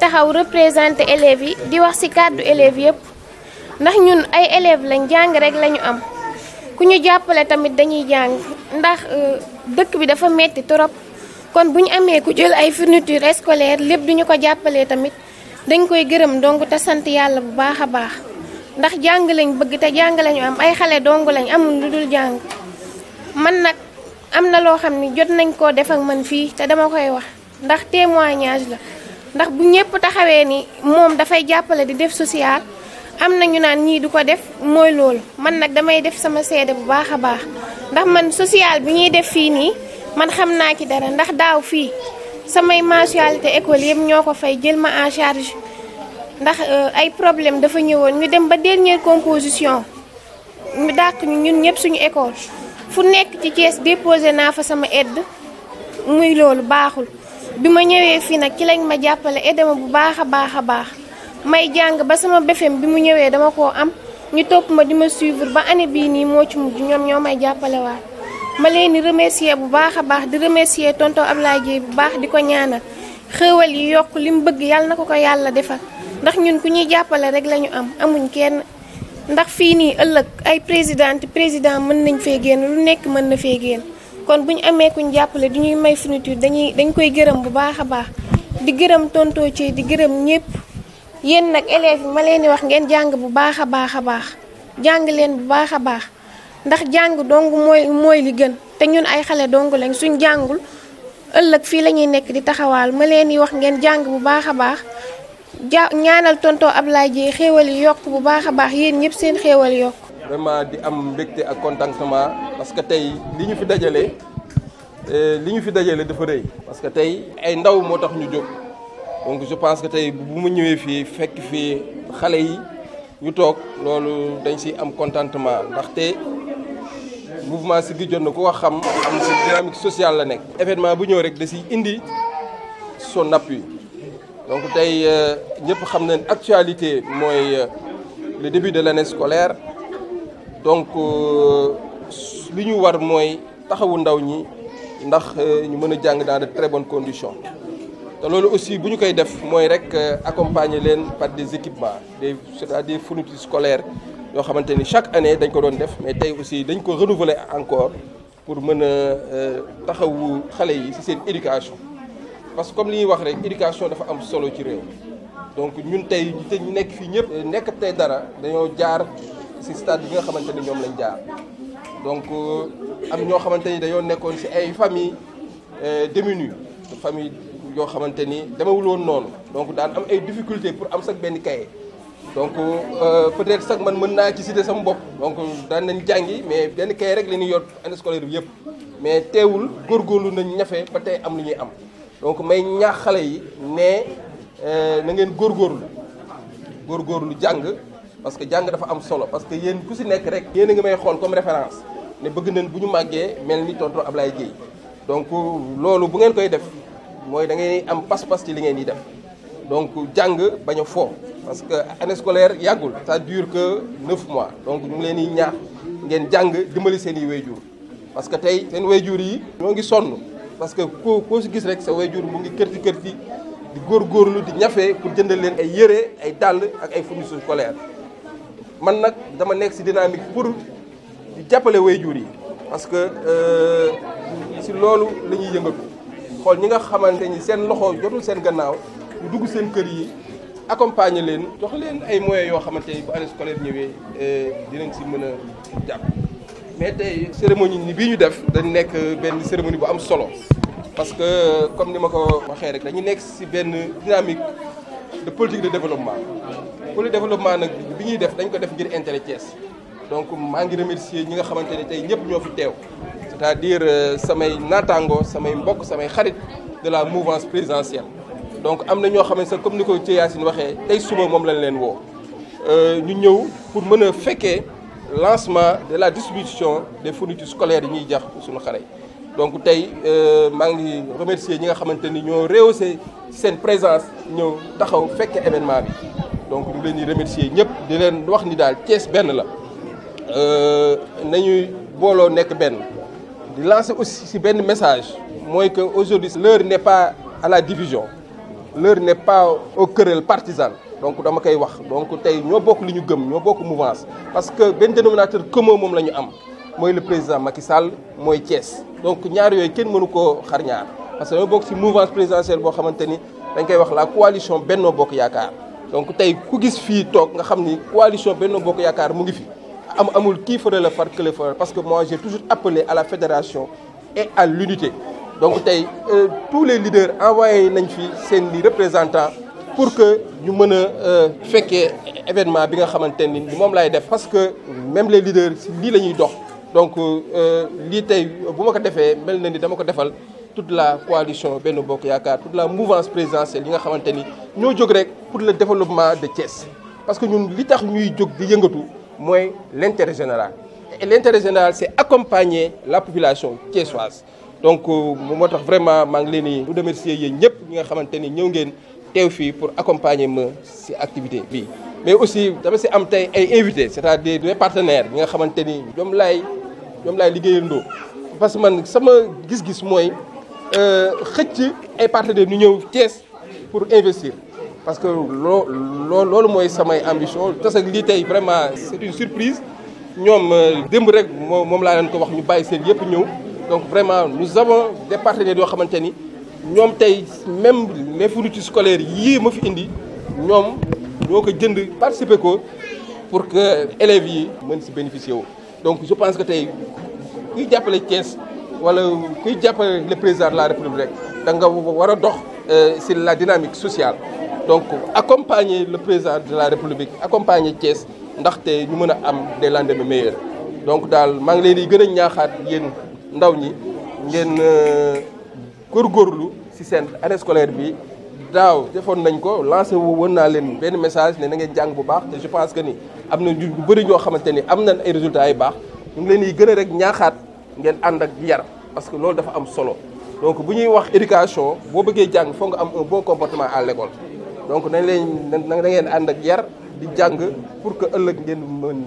taxaw représenté élèves yi di wax ci kàddu élèves yépp ndax ñun ay élèves lañ jàng rek lañu am ku ñu jàppale tamit dañuy jàng ndax euh, dëkk bi dafa metti trop kon bu ñu amee ku jël ay fourniture scolaire lépp du ñu ko jàppalee tamit dañ koy gërëm donc te sant yàlla bu baax a baax ndax jàng lañ bëgg te jàng lañu am ay xale dong lañ amul lu dul jàng man nag am na loo xam ni jot nañ koo def ak man fii te dama koy wax ndax témoignage la ndax bu ñëpp taxawee ni moom dafay jàppale di def social am na ñu naan ñii du ko def mooy loolu man nag damay def sama seede bu baax a baax ndax man social bi ñuy def fii nii man xam naa ci dara ndax daaw fii samay mensualité école yëpp ñoo ko fay jël ma en charge ndax euh, ay problème dafa ñëwoon ñu dem ba dernière composition ñu dàq ñu ñun ñëpp suñu école fu nekk ci Thiès déposé naa fa sama edd muy loolu baaxul bi ma ñëwee fii nag ci lañ ma jàppale aidé bu baax a baax a baax may jàng ba sama BFEM bi mu ñëwee dama ko am ñu topp ma di ma suivre ba année bii nii moo ci mujj ñoom ñoo may jàppale ma leen di remercier bu baax a baax di remercier tonton Ablaye Dieye bu baax di ko ñaanal xéewal yi yokk li mu bëgg yàlla na ko ko yàlla defal ndax ñun ku ñuy jàppale rek lañu am amuñ kenn ndax fii nii ëllëg ay présidente président mën nañ fee génn lu nekk mën na fee génn kon bu ñu amee ku jàppale di ñuy may fourniture dañuy dañ koy gërëm bu baax a baax di gërëm tonto ci di gërëm ñépp yéen nag élèves yi ma leen di wax ngeen jàng bu baax a baax a baax jàng leen bu baax a baax ndax jàng dong mooy li gën te ñun ay xale dong lañ suñ jàngul ëllëg fii la ñuy nekk di taxawal ma leen di wax ngeen jàng bu baax a baax ja ñaanal tonto Ablaye Dieye xéewal yi yokk bu baax a baax yéen ñëpp seen xéewal yokk. vraiment di am ak contentement. parce que tey li ñu fi dajale eh, li ñu fi dajale dafa rëy parce que tey ay ndaw moo tax ñu jóg donc je pense que tey bu mu ñëwee fii fekk fii xale yi ñu toog loolu dañ si am contentement ndaxte mouvement Siggi jot na ko xam am si dynamique social la nekk. événement bu ñëw rek da siy indi napp appui donc tey euh, ñëpp xam ne actualité mooy euh, le début de la l'année scolaire donc. Euh, li ñu war mooy taxawu ndaw ñi ndax euh, ñu mën a jàng dans de très bonnes conditions te loolu aussi bu ñu koy def mooy rek euh, accompagner leen par des équipements des c'est-à-dire fournitures xamante ni chaque année dañ ko doon def mais tey aussi dañ ko renouveler encore pour mën a euh, taxawu xale yi ci seen éducation parce que comme li ñuy wax rek éducation dafa am solo ci réew donc ñun tey ñu nekk fii ñëpp nekk tey dara dañoo jaar ci stade bi nga xamante ni ñoom lañ jaar donc euh, am ñoo xamante ni dañoo nekkoon si ay famille euh, démunies famille yoo xamante ni demewul woon noonu donc daan am ay difficulté pour am sax benn cahier donc euh, peut-être sax man mën naa ci citer sama bopp donc daan nañ jàngi mais benn cahier rek la ñuy yor année scolaire bi yëpp mais teewul góorgóorlu nañ ñafe ba tey am lu ñuy am donc may ñaax xale yi ne na ngeen góor góorgóorlu jàng parce que jàng dafa am solo parce que yéen ku si nekk rek. yéen a ngi may xool comme référence ne bëgg nañ bu ñu màggee mel ni tonton Ablaye Dieye donc loolu bu ngeen koy def mooy da ngay am pas-pas ci li ngeen di def donc jàng bañ a foo parce que année scolaire yàggul. ça dure que neuf mois donc ñu ngi leen di ñaax ngeen jàng dimbali seeni i wayjur parce que tey seen wayjur yi. ñoo ngi sonn parce que koo koo si gis rek sa wayjur mu ngi kërti kërti di góorgóorlu di ñafe pour jëndal leen ay yëre ay dàll ak ay fournitures scolaires. man nag dama nekk ci dynamique pour di jàppale waajur yi parce que ci euh, loolu la ñuy yëngatu xool ñi nga xamante ni seen loxo jotul seen gannaaw ñu dugg seen kër yi accompagner leen jox leen ay moyens yoo xamante ni bu année scolaire ñëwee euh, dinañ ci mën a jàpp. mais tey cérémonie ni bii ñu def dañ nekk euh, benn cérémonie bu am solo parce que comme ni ma ko waxee rek dañu nekk ci benn dynamique de politique de développement. pour développement nag bi ñuy def dañ ko def ngir intérêt donc maa ngi remercier ñi nga xamante ne tey ñëpp ñoo fi teew c'est-à-dire euh, samay naataango samay mbokk samay xarit de la mouvance présidentielle donc am na ñoo xam ne sax comme ni ko ci Yacine waxee tey suba moom lañ leen woo euh, ñu ñëw pour mën a fekkee lancement de la distribution des fournitures scolaires yi ñuy jax suñu xaree donc tey euh, maa ngi remercier ñi nga xamante ni ñoo rehaussé seen présence ñëw taxaw fekkee événement bi donc ñu leen di remercier ñëpp di leen wax ni daal Thiès benn la euh, nañuy booloo nekk benn di lancer aussi si benn message mooy que aujourd'hui l'heure n'est pas à la division l'heure n'est pas aux querelles partisanes donc dama koy wax donc tey ñoo bokk li ñu gëm ñoo bokk mouvance parce que benn dénominateur commun moom la ñu am mooy le président Macky Sall mooy Thiès donc ñaar yooyu kenn mënu koo xar ñaar parce que ñoo bokk ci mouvance présidentielle boo xamante ni dañ koy wax la coalition Benno Bokk Yaakaar donc tey ku gis fii toog nga xam ni coalition Benno Bokk Yaakaar mu ngi fi am amul kii fële la far kële parce que moi j'ai toujours appelé à la fédération et à l'unité donc tey euh, tous les leaders envoyé nañ fi seen i représentants pour que ñu mën a euh, fekkee événement bi nga xamante ni moom lay def parce que même les leaders si lii la ñuy dox donc euh, lii tey bu ma ko defee mel na ni dama ko defal toute la coalition benn Bokk Yaakaar toute la mouvance présidentielle yi nga xamante ni ñoo jog rek pour le développement de Thiès parce que ñun li tax ñuy jóg di yëngatu mooy l' intérêt général et l' intérêt général c' est accompagner la population thiessoise donc euh, moo tax vraiment maa ngi leen di remercier yéen ñëpp ñi nga xamante ni ñëw ngeen teew fii pour accompagner ma si activité bii mais aussi dama si am tey ay invités c' est à dire des partenaires ñi nga xamante ni ñoom laay ñoom laay liggéeyandoo parce que man sama gis mooy Euh, xëcc ay partenaires ñu ñëw Thiès pour investir parce que loo loo loolu mooy samay ambition parce lii tey vraiment c'est une surprise ñoom euh, démb rek moom moom laa leen ko wax ñu bàyyi seen yëpp ñëw donc vraiment nous avons des partenaires yoo xamante ni ñoom tey même les fournitures scolaires yii ma fi indi ñoom ñoo ko jënd participer ko pour que élèves yi mën si bénéficier wu donc je pense que tey kuy jàppale Thiès wala kuy jàppale le président de la république danga da nga war a dox euh, si la dynamique sociale donc accompagner le président de la république accompagner Thiès ndaxte ñu mën a am des lendemains meilleurs donc daal maa ngi leen di gën a ñaaxaat yéen ndaw ñi ngeen euh, góorgóorlu si seen année scolaire bi daaw defoon nañ ko lancé wu woon naa leen benn message ne na ngeen jàng bu baax te je pense que ni am na ñu bëri ñoo xamante ni am na ay résultat yu baax ñu ngi leen di gën a rek ñaaxaat. ngeen ànd ak yar parce que loolu dafa am solo donc bu ñuy wax éducation boo bëggee jàng foo nga am un bon comportement à l'école donc nañ leen na ngeen ànd ak yar di jàng pour que ëllëg ngeen mën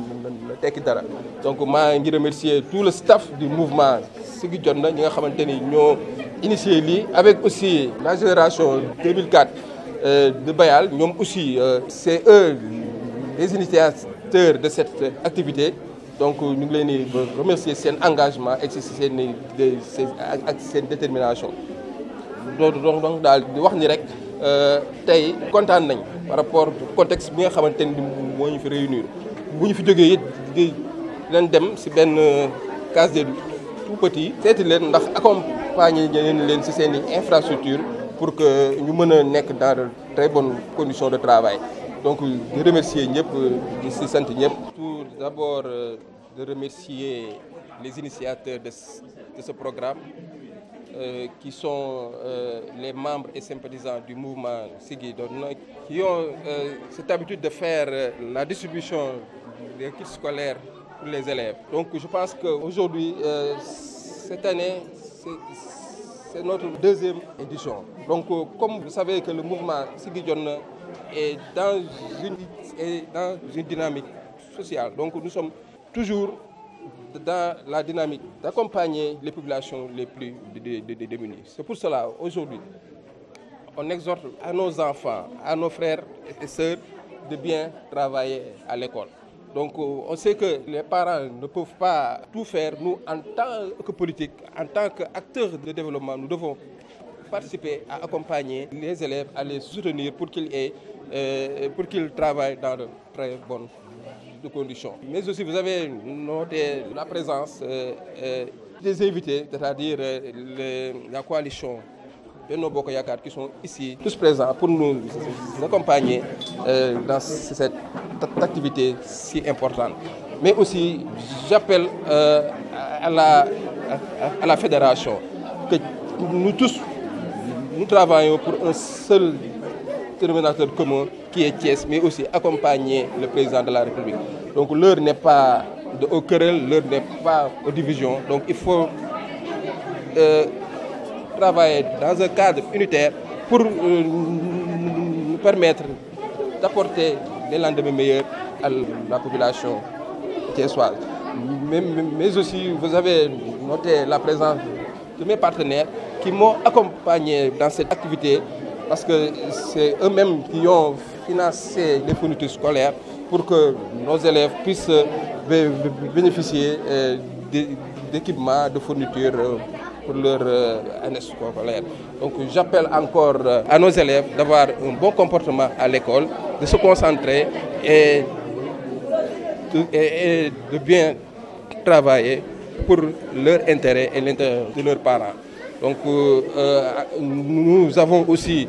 tekki dara donc maa ngi remercier tout le staff du mouvement Siggi Jotna ñi nga xamante ni ñoo initié lii avec aussi la génération 2004 euh, de Bayal ñoom aussi euh, c'est eux les initiateurs de cette activité donc ñu ngi leen di remercier seen engagement et si seen ak seen détermination loolu donc daal di wax ni rek euh, tey kontaan nañ par rapport contexte bi nga xamante ni moo ñu fi réunir bu ñu fi jógee it di leen dem si benn euh, case des tout petits seeti leen ndax accompagner leen leen si seen i infrastructure pour que ñu mën a nekk dans de très bonnes conditions de travail donc di remercier ñëpp di si sant ñëpp d'abord euh, de remercier les initiateurs de ce, programme, euh, qui sont euh, les membres et sympathisants du mouvement Sigui Donna, qui ont euh, cette habitude de faire euh, la distribution des kits les élèves. Donc je pense qu'aujourd'hui, cette année, c'est notre deuxième édition. Donc comme vous savez que le mouvement Sigui est dans une dynamique sociale. Donc nous sommes toujours dans la dynamique d'accompagner les populations les plus démunies. C'est pour cela, aujourd'hui, on exhorte à nos enfants, à nos frères et sœurs de bien travailler à l'école. Donc euh, on sait que les parents ne peuvent pas tout faire. Nous, en tant que politique, en tant qu'acteurs de développement, nous devons participer à accompagner les élèves, à les soutenir pour qu'ils aient, euh, pour qu'ils travaillent dans de très bonnes de condition Mais aussi, vous avez noté la présence euh, euh, des invités, c'est-à-dire euh, la coalition Beno Boko Yakar, qui sont ici, présents pour nous accompagner euh, dans cette activité si importante. Mais aussi, j'appelle euh, à, la, à la fédération que nous tous, nous travaillons pour un seul terminateur commun qui est Thiès, mais aussi accompagner le président de la République. Donc l'heure n'est pas de, aux querelles, l'heure n'est pas aux divisions. Donc il faut euh, travailler dans un cadre unitaire pour euh, nous permettre d'apporter des lendemains meilleurs à la population thiessoise. Mais, mais aussi, vous avez noté la présence de mes partenaires qui m'ont accompagné dans cette activité parce que c'est eux-mêmes qui ont financer les fournitures scolaires pour que nos élèves puissent euh, bénéficier euh, d'équipements, de fournitures euh, pour leur année scolaire. Donc j'appelle encore à nos élèves d'avoir un bon comportement à l'école, de se concentrer et de bien travailler pour leur intérêt et l'intérêt de leurs parents. Donc euh, nous avons aussi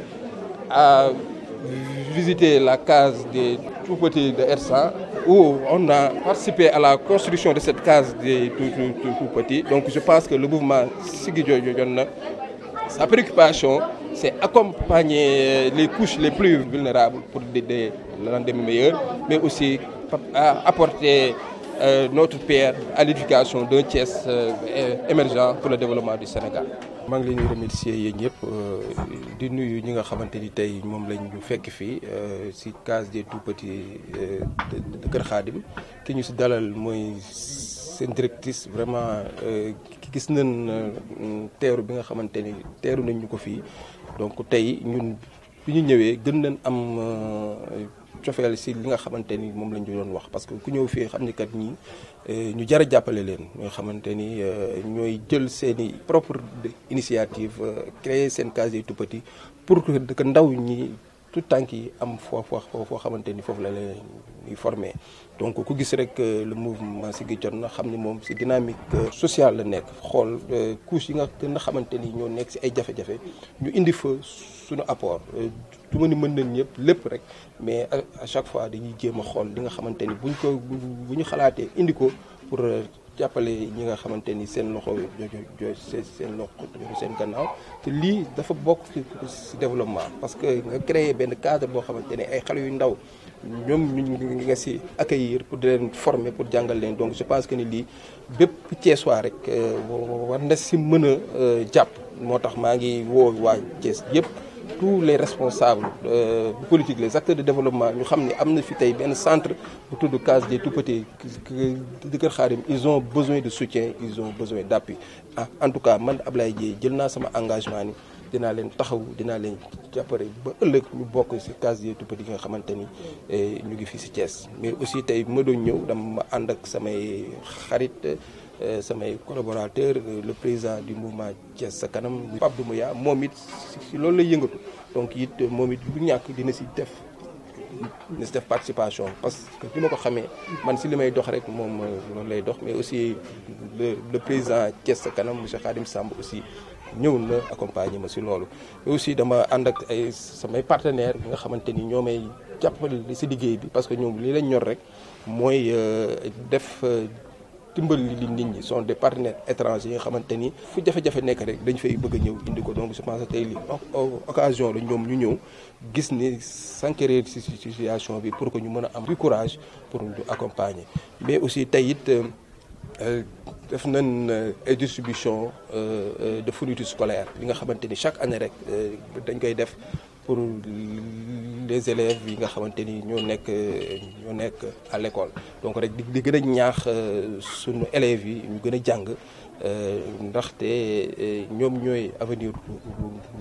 visité la case des tout petits de Ersa, où on a participé à la construction de cette case des tout, petits. Donc je pense que le mouvement Sigi sa préoccupation, c'est accompagner les couches les plus vulnérables pour aider le lendemain meilleur, mais aussi apporter euh, notre pierre à l'éducation d'un tiers euh, émergent pour le développement du Sénégal. maa ngi leen di remercier yéen ñëpp euh, di nuyu ñi nga xamante ni tey moom lañ ñu fekk fii euh, si case des tout petits euh, de Kër Xaadim ki ñu si dalal mooy seen directrice vraiment gis nañ teeru bi nga xamante ni teeru nañ ñu ko fii donc tey ñun bi ñu ñëwee gën nañ am. cofeel si li nga xamante ni moom lañ doon wax parce que ku ñëw fii xam ni kat ñii eh, ñu jar a jàppale leen ñoo xamante ni eh, ñooy jël seen i propre initiative eh, créer seen case tout pour que ndaw ñi. tout tànk yi am foo foo foo xamante ni foofu la leen ñuy formé donc ku gis rek euh, le mouvement Siggi Jotna xam ni moom si dynamique euh, social la nekk xool euh, couche yi nga gën a xamante ni ñoo nekk si ay jafe-jafe ñu indi fa suñu apport du ma ni mën nañ ñëpp lépp rek mais à chaque fois dañuy jéem a xool di nga xamante ni buñ ko bu ñu xalaatee indi ko pour jàppale ñi nga xamante ni seen loxo jo seen loxo seen gannaaw te lii dafa bokk ci développement parce que nga créer benn cadre boo xamante ne ay xale yu ndaw ñoom ñu nga si accueillir pour di leen former pour jàngal leen donc je pense que ni lii bépp Thiessois rek euh, war na si mën a euh, jàpp moo tax maa ngi woo waa Thiès yëpp. tous les responsables euh, politiques les acteurs de développement ñu xam ne am na fi tey benn centre bu tudd case des tout-petits di Kër Xaadim ils ont besoin de soutien ils ont besoin d'appui ah en tout cas man Ablaye Dieye jël naa sama engagement ni dinaa leen taxaw dinaa leen jàppale ba ëllëg ñu bokk si casier tout petit yi nga xamante ni eh, ñu ngi fii si cees mais aussi tey ma doon ñëw dama ànd ak samay xarit eh, samay collaborateur le président du mouvement cees sa kanam Pape Doumbouya moom it si loolu lay yëngatu donc it moom bu ñàkk dina si def dina si parce que bi ma ko xamee man si li may dox rek moom loolu lay dox mais aussi le président Thiès sa kanam monsieur Khadim Samb aussi ñëwul na accompagner ma si loolu mais aussi dama ànd ak ay samay partenaire bi nga xamante ni ñoo may jàppale si liggéey bi parce que ñoom lii lañ ñor rek mooy euh, def euh, dimbali li nit ñi sont des partenaire étrangers yi nga xamante ni fu jafe-jafe nekk rek dañ fay bëgg a ñëw indi ko donc je pense que tey li occasion la ñoom ñu ñëw gis ni s'enquérir si situation bi pour que ñu mën a am du courage pour ñu accompagner mais aussi tey it euh, def nañ euh, ay distribution euh, euh, de fournitures scolaires yi nga xamante ni chaque année rek dañ koy def pour les élèves yi nga xamante ni ñoo nekk ñoo nekk à l'école donc rek di gën a ñaax sunu élèves yi ñu gën a jàng ndaxte ñoom ñooy avenir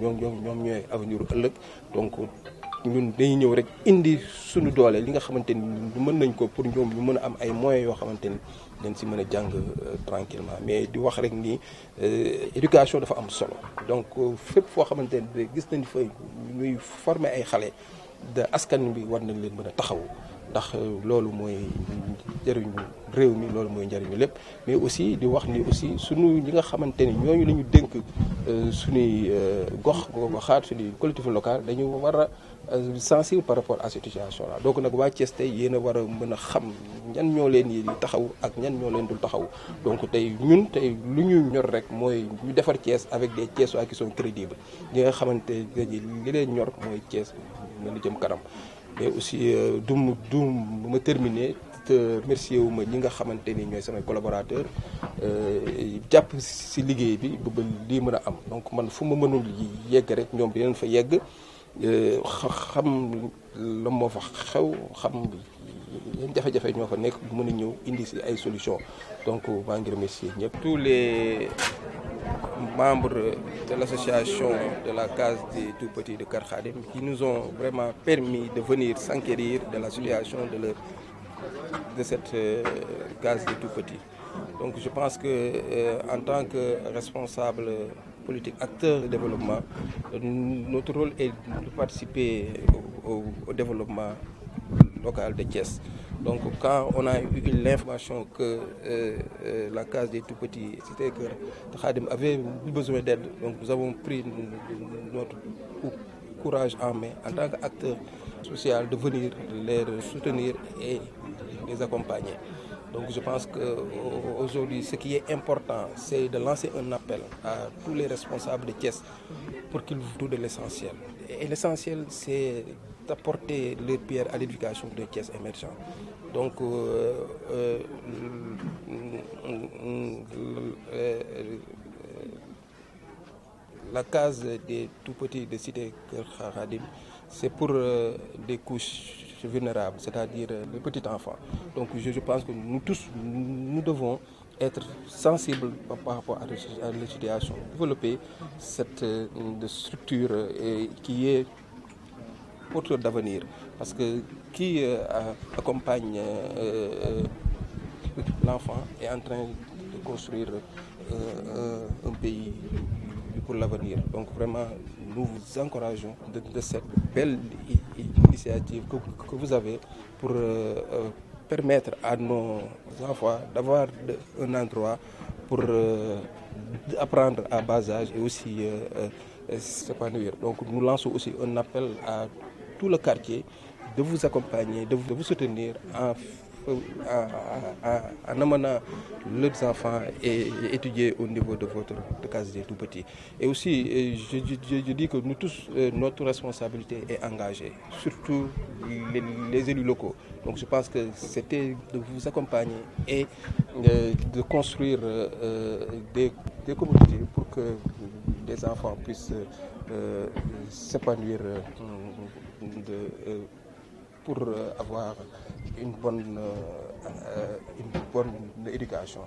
ñoom ñoom ñooy avenir ëllëg donc ñun dañuy ñëw rek indi suñu doole li nga xamante ni mën nañ ko pour ñoom ñu mën a am ay moyen yoo xamante ni dañ si mën a jàng euh, tranquillement mais di wax rek ni euh, éducation dafa am solo donc euh, fépp foo xamante ni gis nañ fa ñuy former ay xale da askan bi war nañ leen mën a taxawu ndax euh, loolu mooy njëriñu réew mi loolu mooy njëriñu lépp mais aussi di wax ni aussi sunu ñi nga xamante ni ñooñu la ñu dénk euh, suñuy euh, gox goxaat suñuy collectif local dañu war a sensible par rapport à cette situation là donc nag waa tey yéen a war a mën a xam ñan ñoo leen yi taxaw ak ñan ñoo leen dul taxaw donc tey ñun tey lu ñu ñor rek mooy ñu defar Thiès avec des Thiessois qui sont crédibles ñi nga xamante ne li leen ñor mooy Thiès mën a jëm kanam mais aussi euh, du mu du ma terminer te remercier wu ma ñi nga xamante ni ñooy samay collaborateurs euh, jàpp si liggéey bi ba lii mën a am donc man fu ma mënul yegg rek ñoom bi dinañ fa yegg euh, xam la moo fa xew xam yan jafe-jafe ñoo fa nekk mën a ñëw indi si ay solutions donc maa ngi remercier ñëpp tous les membre de l'association de la case des tout petits de Kër Khadim qui nous ont vraiment permis de venir s'enquérir de la situation de, leur, de cette euh, case des tout petits. Donc je pense que euh, en tant que responsable politique, acteur de développement, euh, notre rôle est de participer au développement locale de Thiès. Donc quand on a eu l'information que euh, euh, la case des tout-petits, c'était que avait besoin d'aide, nous avons pris notre courage en main en tant qu'acteur social de venir les soutenir et les accompagner. Donc je pense qu'aujourd'hui, ce qui est important, c'est de lancer un appel à tous les responsables de Thiès pour qu'ils vous de l'essentiel. Et l'essentiel, c'est apporter leur pierre à l'éducation de Thiès émergent. Donc, euh, euh, la case des tout petits de cité Khadim, c'est pour euh, des couches vulnérables, c'est-à-dire euh, les petits enfants. Donc, je, je, pense que nous tous, nous devons être sensibles par, par rapport à, à l'éducation, développer cette euh, structure euh, qui est porteur d'avenir parce que qui euh, accompagne euh, euh, l'enfant est en train de construire un pays pour l'avenir. Donc vraiment, nous vous encourageons de, cette belle initiative que, vous avez pour permettre à nos enfants d'avoir un endroit pour apprendre à basage âge et aussi euh, s'épanouir. Donc nous lançons aussi un appel à tout le quartier de vous accompagner, de de vous soutenir en, en, en, en, amenant leurs enfants et, et, étudier au niveau de votre de case des tout Et aussi, euh, je, je, je, dis que nous tous, euh, notre responsabilité est engagée, surtout les, élus locaux. Donc je pense que c'était de vous accompagner et de, euh, de construire euh, des, des communautés pour que des enfants puissent euh, de, euh, pour euh, avoir une bonne, euh, une bonne éducation.